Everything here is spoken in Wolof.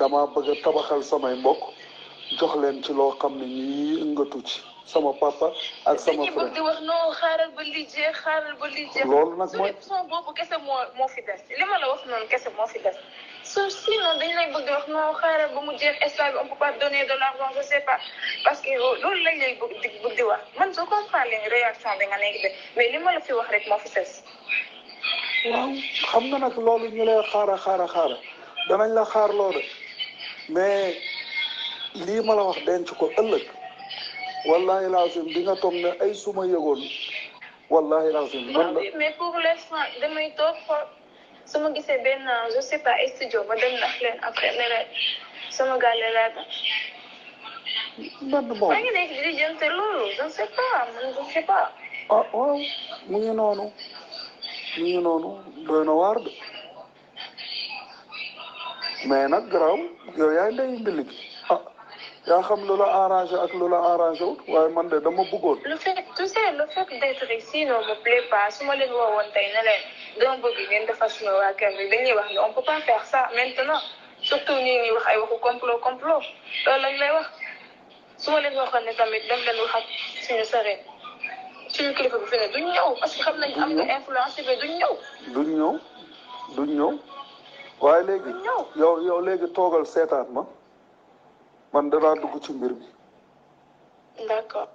dama bëgg a tabaxal samay mbokk jox leen ci loo xam ne ñii ëngatu ci sama papa ak sama frère di wax non xaaral ba li jeex xaaral ba li jeex loolu nag mooy son boobu kese moo moo fi des wax noonu kese moo fi des so sinon dañ lay bëgg wax non xaaral ba mu jeex instant bi on parce que loolu lañ lay bëgg di wax man soo comprendre leen réaction bi nga nekk de mais li ma fi wax rek moo fi des xam nga nag loolu ñu lay xaara xaara xaara danañ la mais lii ma la wax denc ko ëllëg wallahi la di toog ne ay suma wallahi la mais pour l'instant damay toog xool su gisee benn je sais dem ndax leen après ne la sama gàlle laata man bon maa ngi nekk di jënte loolu je ne sais pas man mais nag garaaw yow yaay ndeyu mbili ah ya xam lu la arrangé ak lu la arrangé wut waaye man de dama bëggoon. le fait tu sais le fait d'être ici ne me plaît pas su ma leen woowoon tey ne leen dama bëgg ngeen defar suñu waa kër bi dañuy wax ne on peut pas faire ça maintenant surtout ñu ngi wax ay waxu complot complot loolu lañ lay wax su ma leen waxoon ne tamit dem leen wax ak suñu sareen suñu kilifa bi fi ne duñ ñëw parce que xam nañ am nga influence bi duñ ñëw. duñ ñëw duñ ñëw. waaye léegi yow yow léegi toogal seetaan ma man danaa dugg ci mbir mi. d'accord.